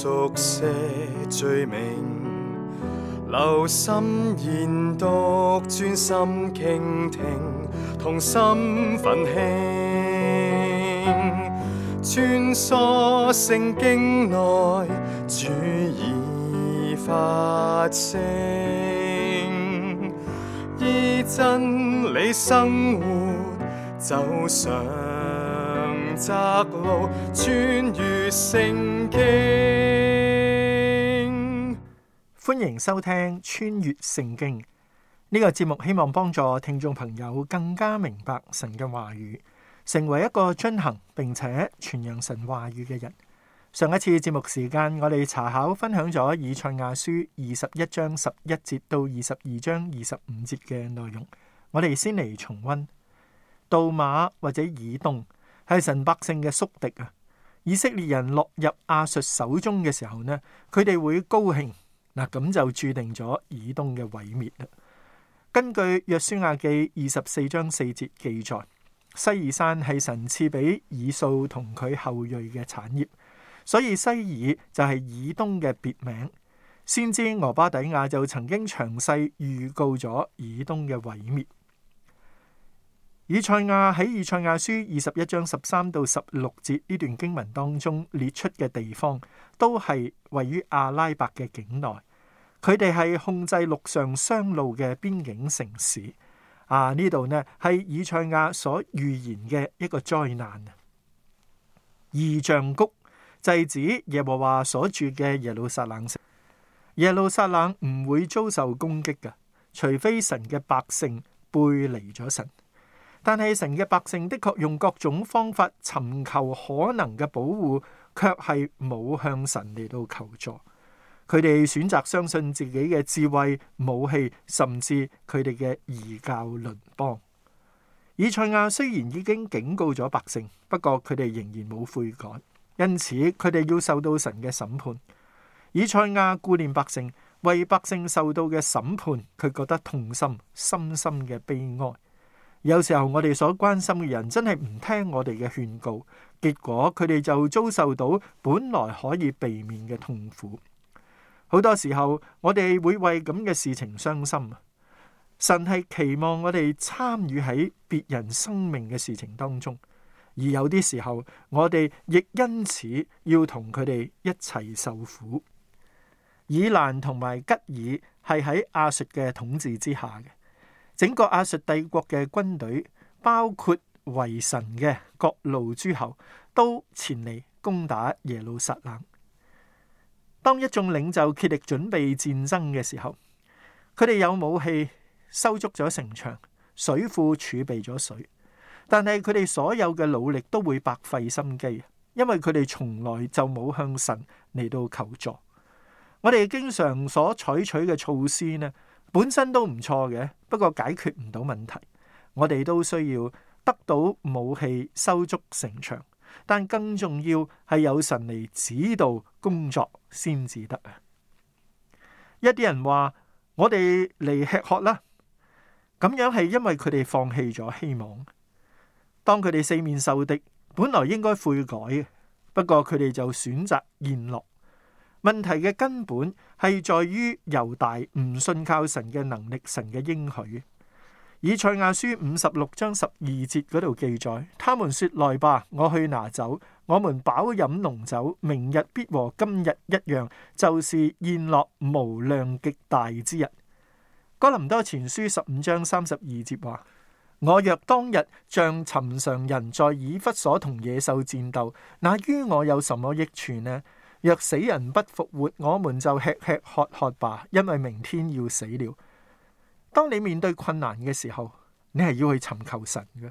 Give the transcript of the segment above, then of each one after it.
熟悉罪名，留心研讀，專心傾聽，同心奮興，穿梭聖經內，主已發聲，依真理生活，走上窄路。穿越聖經，歡迎收聽穿越聖經呢個節目，希望幫助聽眾朋友更加明白神嘅話語，成為一個遵行並且傳揚神話語嘅人。上一次節目時間，我哋查考分享咗以賽亞書二十一章十一節到二十二章二十五節嘅內容，我哋先嚟重温。杜馬或者以東係神百姓嘅宿敵啊！以色列人落入亞述手中嘅時候呢，佢哋會高興嗱，咁就注定咗以東嘅毀滅啦。根據約書亞記二十四章四節記載，西珥山係神賜俾以掃同佢後裔嘅產業，所以西珥就係以東嘅別名。先知俄巴底亞就曾經詳細預告咗以東嘅毀滅。以賽亞喺以賽亞書二十一章十三到十六節呢段經文當中列出嘅地方，都係位於阿拉伯嘅境內。佢哋係控制陸上商路嘅邊境城市。啊，呢度呢係以賽亞所預言嘅一個災難。異象谷，即指耶和華所住嘅耶路撒冷城。耶路撒冷唔會遭受攻擊嘅，除非神嘅百姓背離咗神。但係神嘅百姓的確用各種方法尋求可能嘅保護，卻係冇向神嚟到求助。佢哋選擇相信自己嘅智慧、武器，甚至佢哋嘅異教鄰邦。以賽亞雖然已經警告咗百姓，不過佢哋仍然冇悔改，因此佢哋要受到神嘅審判。以賽亞顧念百姓，為百姓受到嘅審判，佢覺得痛心，深深嘅悲哀。有時候我哋所關心嘅人真係唔聽我哋嘅勸告，結果佢哋就遭受到本來可以避免嘅痛苦。好多時候我哋會為咁嘅事情傷心。神係期望我哋參與喺別人生命嘅事情當中，而有啲時候我哋亦因此要同佢哋一齊受苦。以蘭同埋吉爾係喺亞述嘅統治之下嘅。整個亞述帝國嘅軍隊，包括為神嘅各路諸侯，都前嚟攻打耶路撒冷。當一眾領袖竭力準備戰爭嘅時候，佢哋有武器，修築咗城牆，水庫儲備咗水，但係佢哋所有嘅努力都會白費心機，因為佢哋從來就冇向神嚟到求助。我哋經常所採取嘅措施呢？本身都唔錯嘅，不過解決唔到問題，我哋都需要得到武器修築城牆，但更重要係有神嚟指導工作先至得啊！一啲人話我哋嚟吃喝啦，咁樣係因為佢哋放棄咗希望。當佢哋四面受敵，本來應該悔改嘅，不過佢哋就選擇宴樂。問題嘅根本係在於猶大唔信靠神嘅能力、神嘅應許。以賽亞書五十六章十二節嗰度記載，他們說：來吧，我去拿酒，我們飽飲濃酒，明日必和今日一樣，就是宴樂無量極大之日。哥林多前書十五章三十二節話：我若當日像尋常人在以弗所同野獸戰鬥，那於我有什麼益處呢？若死人不復活，我們就吃吃喝喝吧，因為明天要死了。當你面對困難嘅時候，你係要去尋求神嘅。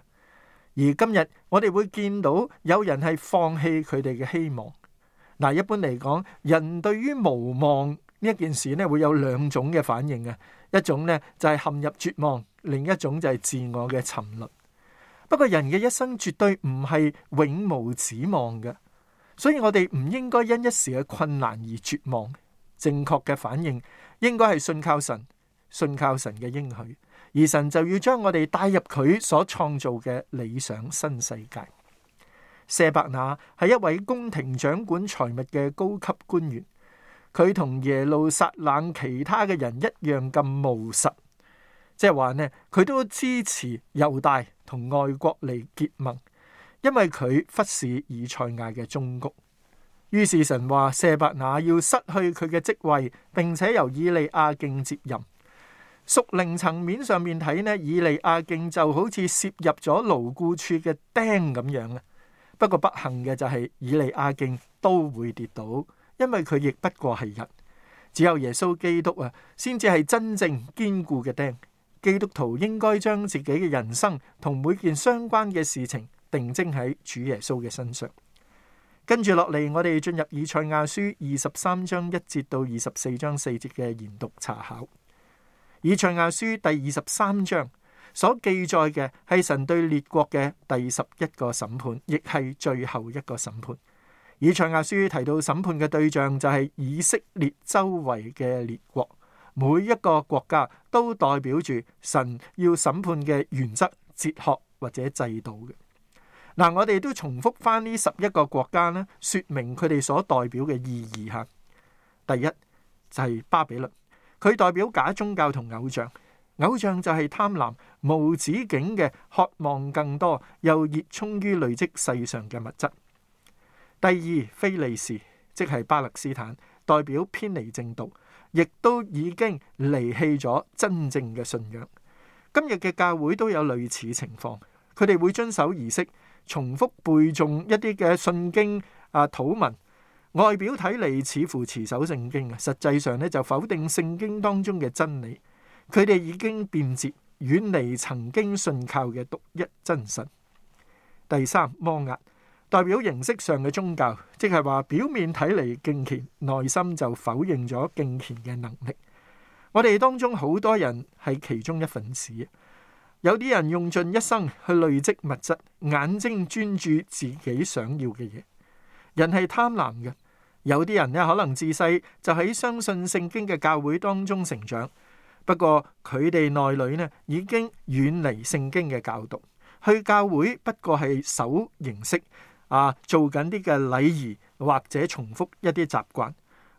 而今日我哋會見到有人係放棄佢哋嘅希望。嗱，一般嚟講，人對於無望呢件事咧，會有兩種嘅反應嘅，一種呢，就係、是、陷入絕望，另一種就係自我嘅沉淪。不過人嘅一生絕對唔係永無指望嘅。所以我哋唔應該因一時嘅困難而絕望，正確嘅反應應該係信靠神，信靠神嘅應許，而神就要將我哋帶入佢所創造嘅理想新世界。舍伯那係一位宮廷掌管財物嘅高級官員，佢同耶路撒冷其他嘅人一樣咁務實，即係話呢，佢都支持猶大同外國嚟結盟。因為佢忽視以賽亞嘅忠告，於是神話舍伯那要失去佢嘅職位，並且由以利亞敬接任。屬靈層面上面睇呢，以利亞敬就好似攝入咗牢固處嘅釘咁樣啊。不過不幸嘅就係以利亞敬都會跌倒，因為佢亦不過係人，只有耶穌基督啊，先至係真正堅固嘅釘。基督徒應該將自己嘅人生同每件相關嘅事情。定睛喺主耶穌嘅身上，跟住落嚟，我哋進入以賽亞書二十三章一節到二十四章四節嘅研讀查考。以賽亞書第二十三章所記載嘅係神對列國嘅第十一個審判，亦係最後一個審判。以賽亞書提到審判嘅對象就係以色列周圍嘅列國，每一個國家都代表住神要審判嘅原則、哲學或者制度嘅。嗱、啊，我哋都重複翻呢十一個國家咧，説明佢哋所代表嘅意義嚇。第一就係、是、巴比倫，佢代表假宗教同偶像，偶像就係貪婪無止境嘅渴望，更多又熱衷於累積世上嘅物質。第二，非利士即係巴勒斯坦，代表偏離正道，亦都已經離棄咗真正嘅信仰。今日嘅教會都有類似情況，佢哋會遵守儀式。重複背誦一啲嘅信經啊、禱文，外表睇嚟似乎持守聖經啊，實際上咧就否定聖經當中嘅真理。佢哋已經變節，遠離曾經信靠嘅獨一真神。第三，摩押代表形式上嘅宗教，即係話表面睇嚟敬虔，內心就否認咗敬虔嘅能力。我哋當中好多人係其中一份子。有啲人用盡一生去累積物質，眼睛專注自己想要嘅嘢。人係貪婪嘅。有啲人呢，可能自細就喺相信聖經嘅教會當中成長，不過佢哋內裏呢已經遠離聖經嘅教導，去教會不過係守形式啊，做緊啲嘅禮儀或者重複一啲習慣，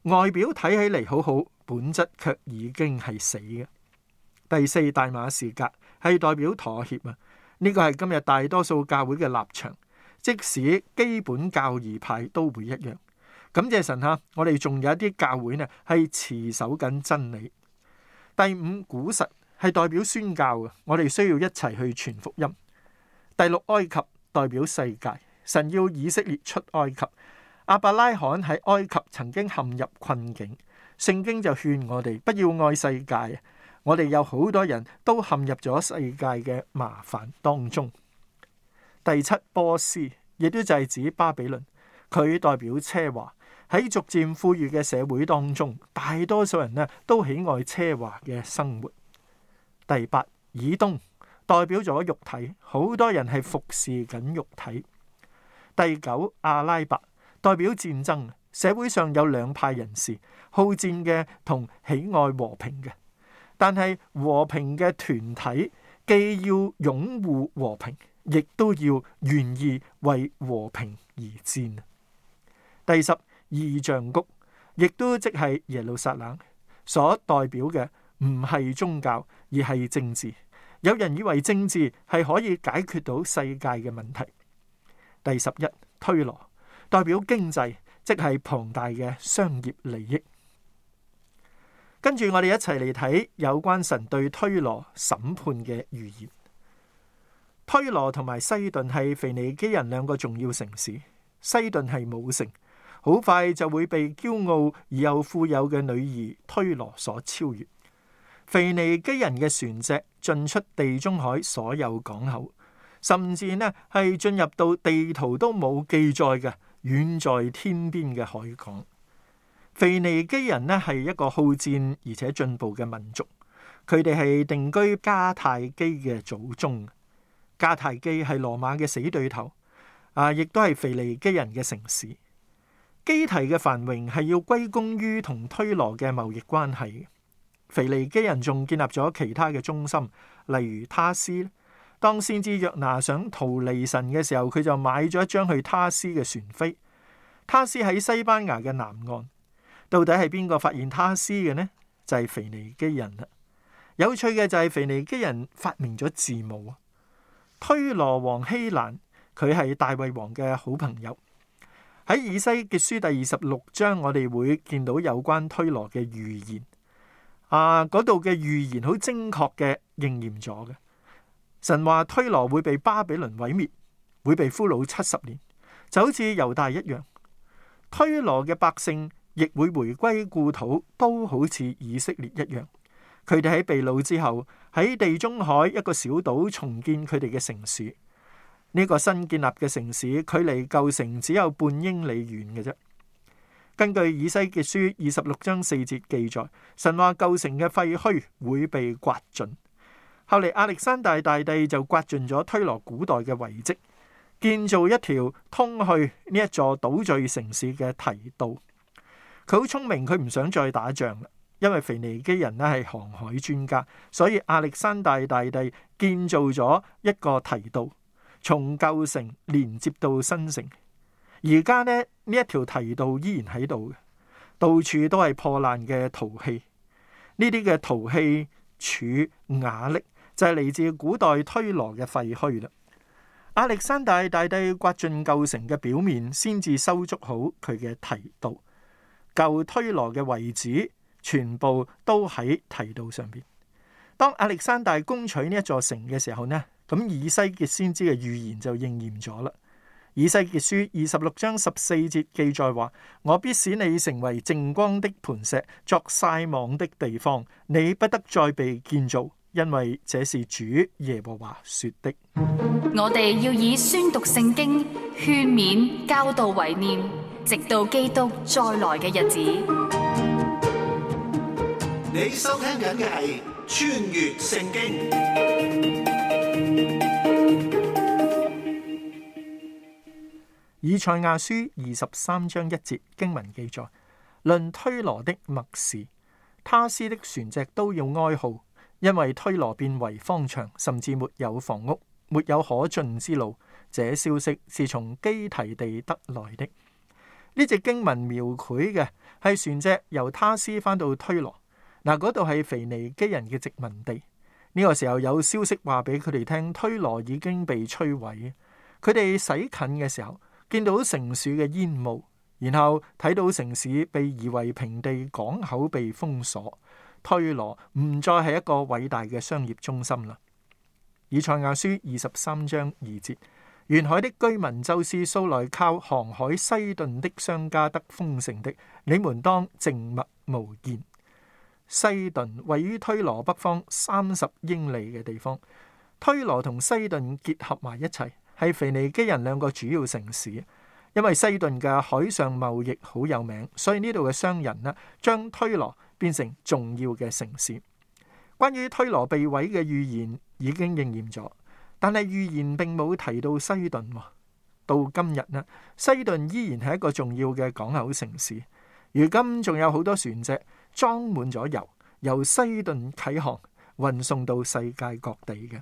外表睇起嚟好好，本質卻已經係死嘅。第四，大馬士革。係代表妥協啊！呢個係今日大多數教會嘅立場，即使基本教義派都會一樣。感謝神吓，我哋仲有一啲教會呢係持守緊真理。第五古實係代表宣教啊！我哋需要一齊去傳福音。第六埃及代表世界，神要以色列出埃及。亞伯拉罕喺埃及曾經陷入困境，聖經就勸我哋不要愛世界。我哋有好多人都陷入咗世界嘅麻煩當中。第七波斯亦都就係指巴比倫，佢代表奢華，喺逐漸富裕嘅社會當中，大多數人呢都喜愛奢華嘅生活。第八以東代表咗肉體，好多人係服侍緊肉體。第九阿拉伯代表戰爭，社會上有兩派人士，好戰嘅同喜愛和平嘅。但係和平嘅團體既要擁護和平，亦都要願意為和平而戰。第十，異象谷，亦都即係耶路撒冷所代表嘅，唔係宗教，而係政治。有人以為政治係可以解決到世界嘅問題。第十一，推羅代表經濟，即係龐大嘅商業利益。跟住我哋一齊嚟睇有關神對推羅審判嘅預言。推羅同埋西頓係腓尼基人兩個重要城市，西頓係母城，好快就會被驕傲而又富有嘅女兒推羅所超越。腓尼基人嘅船隻進出地中海所有港口，甚至呢係進入到地圖都冇記載嘅遠在天邊嘅海港。腓尼基人呢，係一個好戰而且進步嘅民族，佢哋係定居加泰基嘅祖宗。加泰基係羅馬嘅死對頭啊，亦都係腓尼基人嘅城市。基提嘅繁榮係要歸功於同推羅嘅貿易關係。腓尼基人仲建立咗其他嘅中心，例如他斯。當先知約拿想逃離神嘅時候，佢就買咗一張去他斯嘅船飛。他斯喺西班牙嘅南岸。到底係邊個發現他施嘅呢？就係、是、腓尼基人啦。有趣嘅就係腓尼基人發明咗字母。推羅王希蘭佢係大衛王嘅好朋友。喺以西結書第二十六章，我哋會見到有關推羅嘅預言。啊，嗰度嘅預言好精確嘅，應驗咗嘅。神話推羅會被巴比倫毀滅，會被俘虜七十年，就好似猶大一樣。推羅嘅百姓。亦會回歸故土，都好似以色列一樣。佢哋喺被擄之後，喺地中海一個小島重建佢哋嘅城市。呢、這個新建立嘅城市，距離舊城只有半英里遠嘅啫。根據《以西結書》二十六章四節記載，神話舊城嘅廢墟會被刮盡。後嚟，亞歷山大大帝就刮盡咗推羅古代嘅遺迹，建造一條通去呢一座島嶼城市嘅堤道。佢好聰明，佢唔想再打仗，因為腓尼基人咧係航海專家，所以亞歷山大大帝建造咗一個堤道，從舊城連接到新城。而家呢，呢一條堤道依然喺度嘅，到處都係破爛嘅陶器。呢啲嘅陶器柱瓦礫就係嚟自古代推羅嘅廢墟啦。亞歷山大大帝掘進舊城嘅表面，先至修築好佢嘅堤道。舊推羅嘅遺址全部都喺堤道上邊。當亞歷山大攻取呢一座城嘅時候呢，咁以西結先知嘅預言就應驗咗啦。以西結書二十六章十四節記載話：我必使你成為淨光的磐石，作曬網的地方，你不得再被建造，因為這是主耶和華說的。我哋要以宣讀聖經、勸勉、教導為念，直到基督再來嘅日子，你收聽緊嘅係《穿越聖經》。以賽亞書二十三章一節經文記載：論推羅的默示，他斯的船隻都要哀號，因為推羅變為荒場，甚至沒有房屋，沒有可進之路。這消息是從基提地得來的。呢隻經文描繪嘅係船隻由他斯返到推羅，嗱嗰度係腓尼基人嘅殖民地。呢、這個時候有消息話俾佢哋聽，推羅已經被摧毀。佢哋駛近嘅時候，見到城市嘅煙霧，然後睇到城市被夷為平地，港口被封鎖，推羅唔再係一個偉大嘅商業中心啦。以賽亞書二十三章二節。沿海的居民就是素來靠航海西頓的商家得豐盛的，你們當靜默無言。西頓位於推羅北方三十英里嘅地方，推羅同西頓結合埋一齊，係腓尼基人兩個主要城市。因為西頓嘅海上貿易好有名，所以呢度嘅商人呢，將推羅變成重要嘅城市。關於推羅被毀嘅預言已經應驗咗。但係預言並冇提到西頓。到今日呢，西頓依然係一個重要嘅港口城市。如今仲有好多船隻裝滿咗油，由西頓啟航運送到世界各地嘅。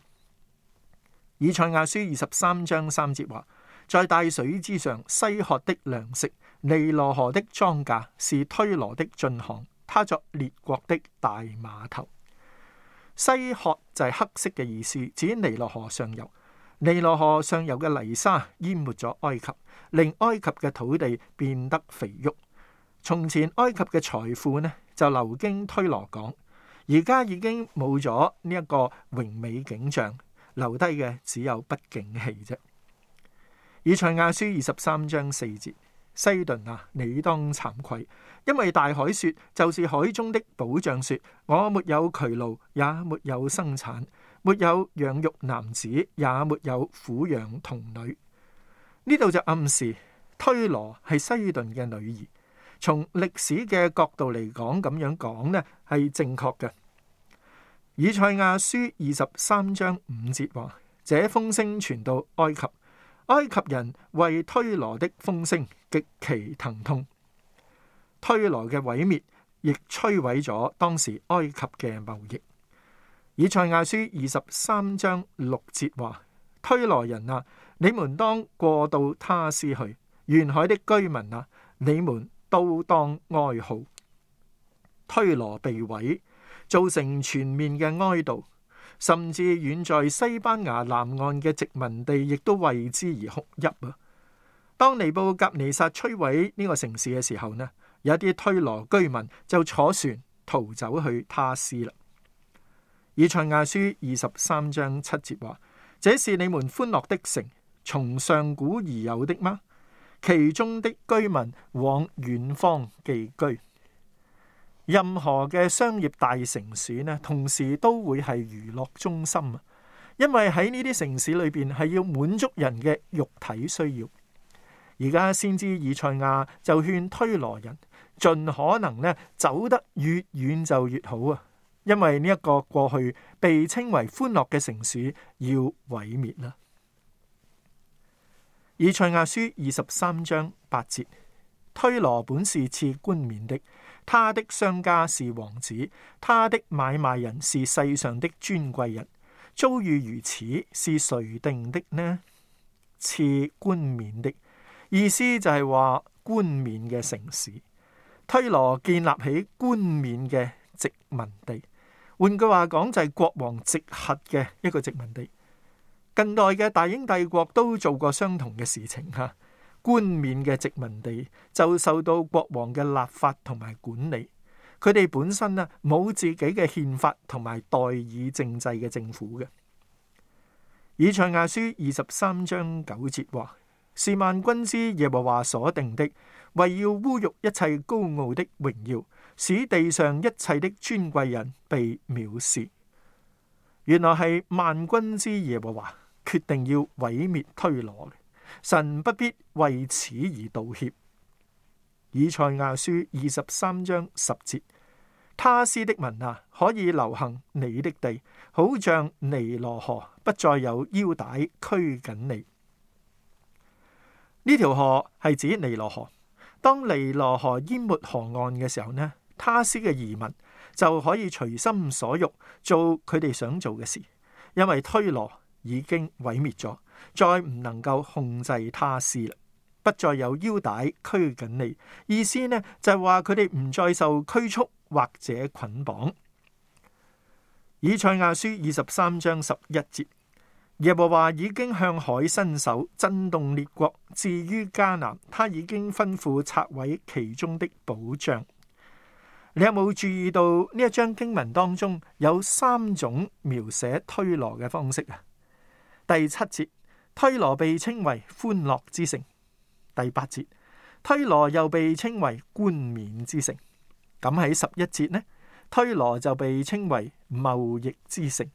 以賽亞書二十三章三節話：在大水之上，西曷的糧食，尼羅河的莊稼，是推羅的進項，他作列國的大碼頭。西曷就係黑色嘅意思，指尼羅河上游。尼羅河上游嘅泥沙淹沒咗埃及，令埃及嘅土地變得肥沃。從前埃及嘅財富呢就流經推羅港，而家已經冇咗呢一個榮美景象，留低嘅只有不景氣啫。以賽亞書二十三章四節：西頓啊，你當慚愧！因為大海說，就是海中的保障說，我沒有劬勞，也沒有生產，沒有養育男子，也沒有撫養童女。呢度就暗示推羅係西頓嘅女兒。從歷史嘅角度嚟講，咁樣講呢係正確嘅。以賽亞書二十三章五節話：這風聲傳到埃及，埃及人為推羅的風聲極其疼痛。推羅嘅毀滅亦摧毀咗當時埃及嘅貿易。以賽亞書二十三章六節話：推羅人啊，你們當過到他斯去；沿海的居民啊，你們都當哀號。推羅被毀，造成全面嘅哀悼，甚至遠在西班牙南岸嘅殖民地亦都為之而哭泣啊。當尼布甲尼撒摧毀呢個城市嘅時候呢，有啲推羅居民就坐船逃走去他施啦。以賽亞書二十三章七節話：這是你們歡樂的城，從上古而有的嗎？其中的居民往遠方寄居。任何嘅商業大城市呢，同時都會係娛樂中心啊，因為喺呢啲城市裏邊係要滿足人嘅肉體需要。而家先知以賽亞就勸推羅人。盡可能咧，走得越遠就越好啊，因為呢一個過去被稱為歡樂嘅城市要毀滅啦。以賽亞書二十三章八節：推羅本是賜冠冕的，他的商家是王子，他的買賣人是世上的尊貴人。遭遇如此是誰定的呢？賜冠冕的意思就係話冠冕嘅城市。推羅建立起冠冕嘅殖民地，換句話講就係、是、國王直轄嘅一個殖民地。近代嘅大英帝國都做過相同嘅事情吓，冠冕嘅殖民地就受到國王嘅立法同埋管理，佢哋本身呢冇自己嘅憲法同埋代議政制嘅政府嘅。以賽亞書二十三章九節話：是萬軍之耶和華所定的。為要侮辱一切高傲的榮耀，使地上一切的尊貴人被藐視，原來係萬軍之耶和華決定要毀滅推羅，神不必為此而道歉。以賽亞書二十三章十節，他施的文啊，可以流行你的地，好像尼羅河不再有腰帶拘緊你。呢條河係指尼羅河。當尼羅河淹沒河岸嘅時候呢，他斯嘅移民就可以隨心所欲做佢哋想做嘅事，因為推羅已經毀滅咗，再唔能夠控制他斯了，不再有腰帶拘緊你。意思呢就係話佢哋唔再受拘束或者捆綁。以賽亞書二十三章十一節。耶和華已經向海伸手，震動列國，至於迦南，他已經吩咐拆毀其中的保障。你有冇注意到呢？一章經文當中有三種描寫推羅嘅方式啊。第七節，推羅被稱為歡樂之城；第八節，推羅又被稱為冠冕之城。咁喺十一節呢，推羅就被稱為貿易之城。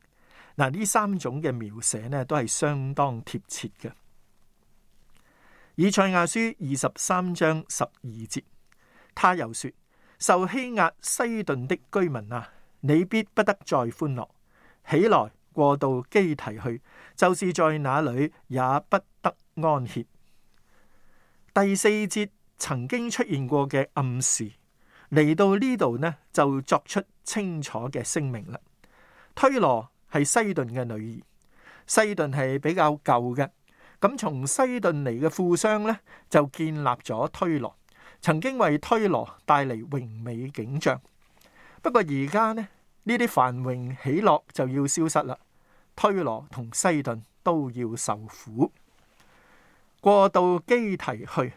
嗱，呢三種嘅描寫呢都係相當貼切嘅。以賽亞書二十三章十二節，他又說：受欺壓西頓的居民啊，你必不得再歡樂，起來過到基提去，就是在那裡也不得安歇。第四節曾經出現過嘅暗示，嚟到呢度呢，就作出清楚嘅聲明啦。推羅。係西頓嘅女兒，西頓係比較舊嘅。咁從西頓嚟嘅富商呢，就建立咗推羅，曾經為推羅帶嚟榮美景象。不過而家呢，呢啲繁榮起落就要消失啦，推羅同西頓都要受苦。過到基提去，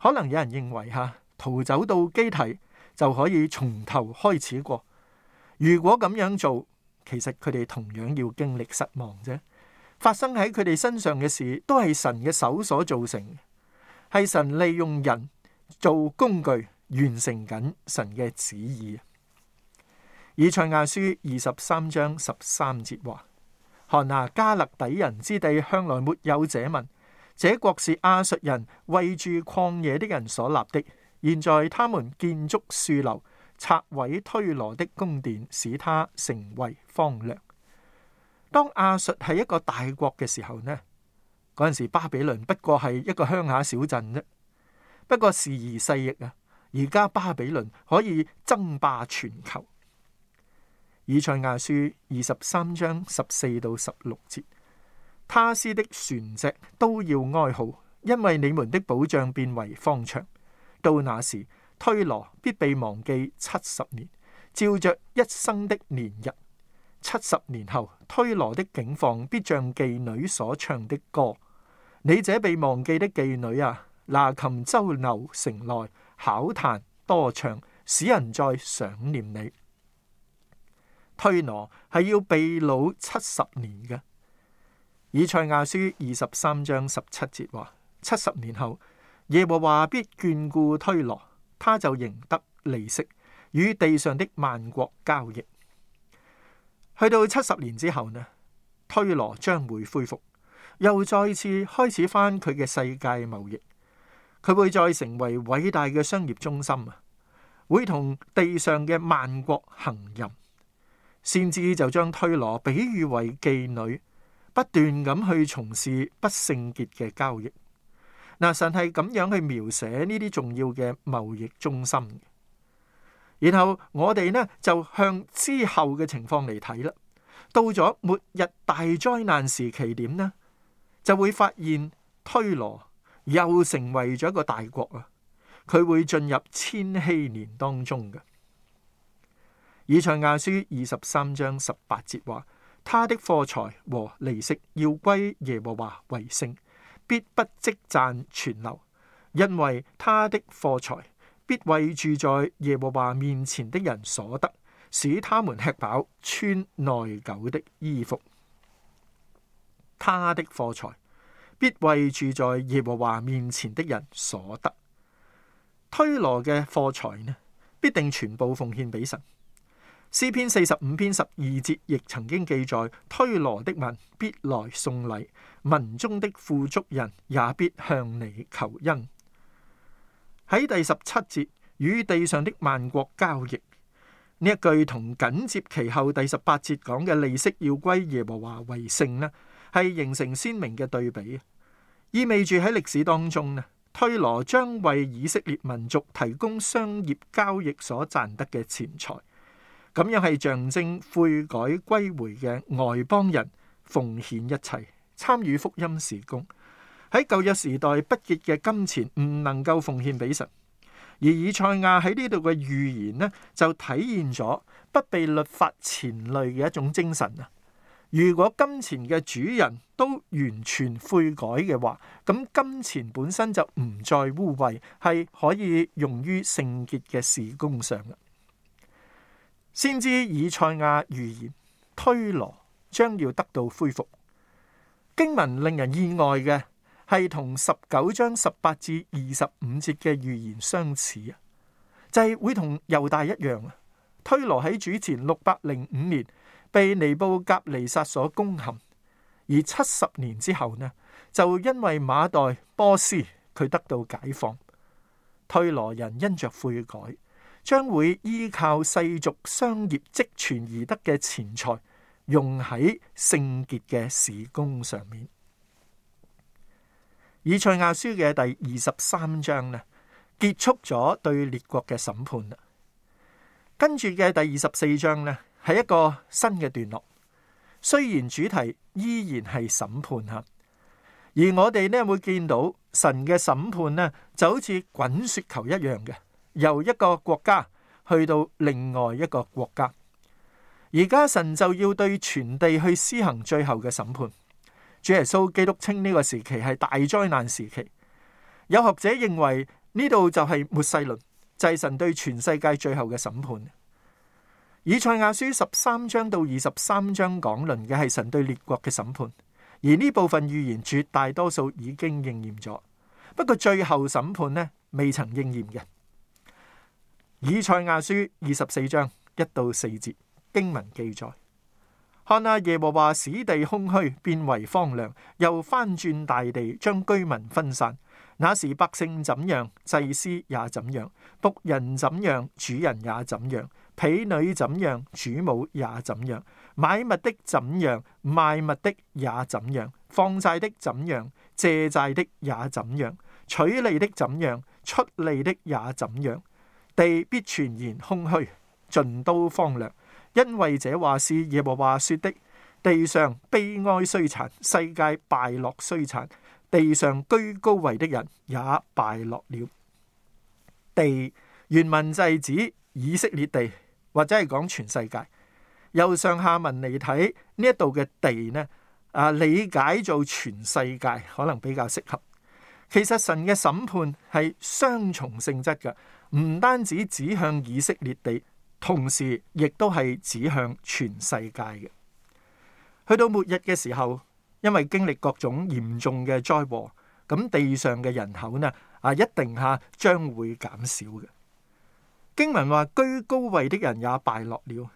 可能有人認為吓，逃走到基提就可以從頭開始過。如果咁樣做。其實佢哋同樣要經歷失望啫。發生喺佢哋身上嘅事，都係神嘅手所造成，係神利用人做工具完成緊神嘅旨意。以賽亞書二十三章十三節話：看哪，加勒底人之地向來沒有者民，這國是亞述人為住曠野的人所立的。現在他們建築樹樓。拆毀推羅的宮殿，使他成為荒涼。當亞述係一個大國嘅時候呢，嗰陣時巴比倫不過係一個鄉下小鎮啫。不過時移世易啊，而家巴比倫可以爭霸全球。以賽亞書二十三章十四到十六節，他施的船隻都要哀號，因為你們的保障變為荒場。到那時。推羅必被忘記七十年，照着一生的年日。七十年後，推羅的境況必像妓女所唱的歌。你這被忘記的妓女啊，拿琴周流城內，巧彈多唱，使人再想念你。推羅係要被擄七十年嘅。以賽亞書二十三章十七節話：七十年後，耶和華必眷顧推羅。他就贏得利息，與地上的萬國交易。去到七十年之後呢，推羅將會恢復，又再次開始翻佢嘅世界貿易。佢會再成為偉大嘅商業中心啊！會同地上嘅萬國行淫，先知就將推羅比喻為妓女，不斷咁去從事不聖潔嘅交易。嗱，神係咁樣去描寫呢啲重要嘅貿易中心，然後我哋呢，就向之後嘅情況嚟睇啦。到咗末日大災難時期點呢？就會發現推羅又成為咗一個大國啊！佢會進入千禧年當中嘅。以賽亞書二十三章十八節話：，他的貨財和利息要歸耶和華為聖。必不積攢存留，因為他的貨財必為住在耶和華面前的人所得，使他們吃飽，穿耐久的衣服。他的貨財必為住在耶和華面前的人所得。推羅嘅貨財呢，必定全部奉獻俾神。詩篇四十五篇十二節亦曾經記載：推羅的民必來送禮，民中的富足人也必向你求恩。喺第十七節，與地上的萬國交易呢一句，同緊接其後第十八節講嘅利息要歸耶和華為聖呢，係形成鮮明嘅對比，意味住喺歷史當中呢，推羅將為以色列民族提供商業交易所賺得嘅錢財。咁樣係象徵悔改歸回嘅外邦人奉獻一切參與福音事工。喺舊約時代，不潔嘅金錢唔能夠奉獻俾神，而以賽亞喺呢度嘅預言呢，就體現咗不被律法纏累嘅一種精神啊！如果金錢嘅主人都完全悔改嘅話，咁金錢本身就唔再污穢，係可以用於聖潔嘅事工上先知以賽亞預言推羅將要得到恢復。經文令人意外嘅係同十九章十八至二十五節嘅預言相似啊，就係、是、會同猶大一樣啊。推羅喺主前六百零五年被尼布甲尼撒所攻陷，而七十年之後呢，就因為馬代波斯佢得到解放，推羅人因着悔改。將會依靠世俗商業積存而得嘅錢財，用喺聖潔嘅事工上面。以賽亞書嘅第二十三章呢，結束咗對列國嘅審判。跟住嘅第二十四章呢，係一個新嘅段落。雖然主題依然係審判啊，而我哋呢會見到神嘅審判呢，就好似滾雪球一樣嘅。由一個國家去到另外一個國家，而家神就要對全地去施行最後嘅審判。主耶穌基督稱呢個時期係大災難時期。有學者認為呢度就係末世論，就係神對全世界最後嘅審判。以賽亞書十三章到二十三章講論嘅係神對列國嘅審判，而呢部分預言絕大多數已經應驗咗，不過最後審判呢，未曾應驗嘅。以賽亞書二十四章一到四節經文記載：看啊，耶和華使地空虛，變為荒涼；又翻轉大地，將居民分散。那時百姓怎樣，祭司也怎樣；僕人怎樣，主人也怎樣；婢女怎樣，主母也怎樣；買物的怎樣，賣物的也怎樣；放債的怎樣，借債的也怎樣；取利的怎樣，出利的也怎樣。地必全然空虛，盡都荒涼，因為這話是耶和華說的。地上悲哀衰殘，世界敗落衰殘，地上居高位的人也敗落了。地原文係指以色列地，或者係講全世界。由上下文嚟睇，呢一度嘅地呢？啊，理解做全世界可能比較適合。其實神嘅審判係雙重性質嘅。唔單止指向以色列地，同時亦都係指向全世界嘅。去到末日嘅時候，因為經歷各種嚴重嘅災禍，咁地上嘅人口呢啊，一定下將會減少嘅。經文話，居高位的人也敗落了，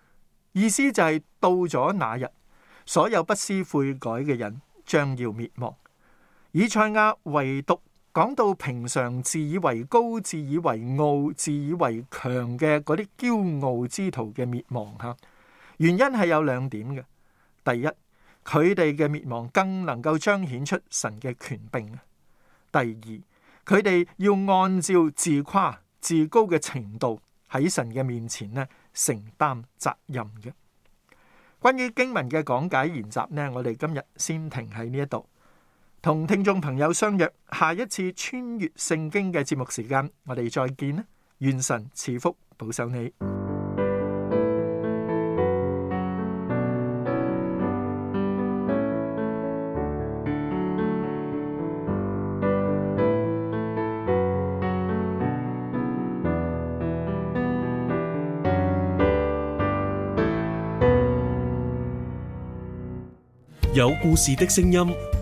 意思就係到咗那日，所有不思悔改嘅人將要滅亡。以賽亞唯獨。講到平常自以為高、自以為傲、自以為強嘅嗰啲驕傲之徒嘅滅亡，吓原因係有兩點嘅。第一，佢哋嘅滅亡更能夠彰顯出神嘅權柄；第二，佢哋要按照自誇、自高嘅程度喺神嘅面前呢承擔責任嘅。關於經文嘅講解研習呢，我哋今日先停喺呢一度。同聽眾朋友相約下一次穿越聖經嘅節目時間，我哋再見啦！願神賜福保守你。有故事嘅聲音。